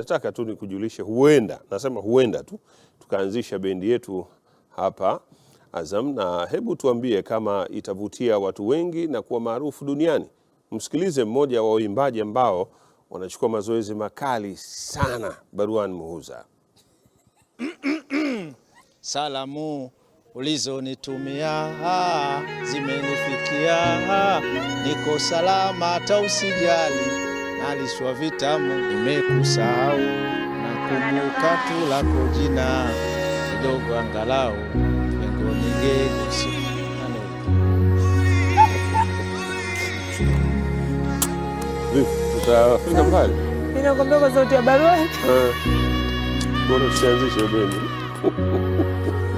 nataka tu nikujulishe, huenda nasema huenda tu tukaanzisha bendi yetu hapa Azam, na hebu tuambie kama itavutia watu wengi na kuwa maarufu duniani. Msikilize mmoja wa waimbaji ambao wanachukua mazoezi makali sana, Baruan Muhuza. Salamu ulizonitumia zimenifikia, niko salama, hata usijali aliswa vitamu, nimekusahau na kumbuka tu lako jina kidogo, angalau pengo ningegusa tutafika mbali, inakwambia kwa sauti ya barua eh, bora tusianzishe beni